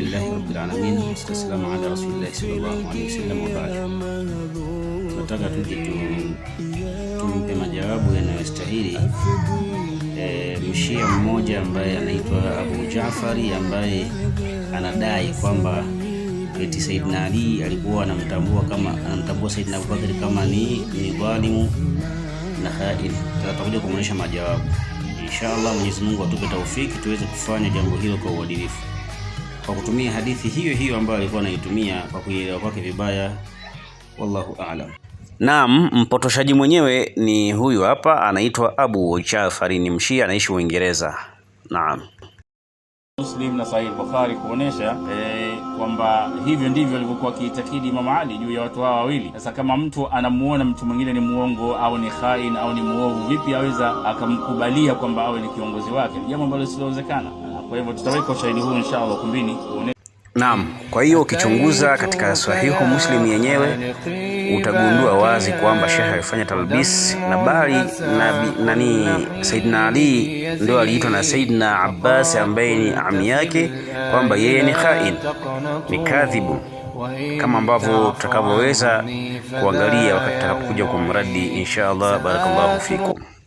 Alhamdulillahi rabbil alamin, wassalamu ala rasulillahi sallallahu alaihi wasallam. Tunataka tuje tumpe majawabu yanayostahili e, mshia mmoja ambaye anaitwa Abu Jaafari ambaye anadai kwamba eti Saidina Ali alikuwa anamtambua kama anamtambua Saidina Abubakari kama ni ni dhalimu na haini. Tutakuja kumwonyesha majawabu inshallah. Mwenyezi Mungu atupe taufiki tuweze kufanya jambo hilo kwa uadilifu kwa kutumia hadithi hiyo hiyo ambayo alikuwa anaitumia kwa kuielewa kwake vibaya. Wallahu aalam. Naam, mpotoshaji mwenyewe ni huyu hapa, anaitwa Abu Jafari, ni Mshia, anaishi Uingereza. Naam. Muslim na Sahih Bukhari kuonesha eh, kwamba hivyo ndivyo alivyokuwa akiitakidi Imam Ali juu ya watu hawa wawili. Sasa kama mtu anamuona mtu mwingine ni muongo au ni khain au ni muovu, vipi aweza akamkubalia kwamba awe ni kiongozi wake? Ni jambo ambalo lisilowezekana. Kwa hivyo tutaweka ushahidi huu inshallah ukumbini. Naam, kwa hiyo ukichunguza katika Sahihu Muslim yenyewe utagundua wazi kwamba shekhe alifanya talbis na bali nani Saidina Ali ndio aliitwa na Saidina Abbas ambaye ni ami yake kwamba yeye ni khain, ni kadhibu kama ambavyo tutakavyoweza kuangalia wakati tutakapokuja kwa insha Allah. Barakallahu fikum.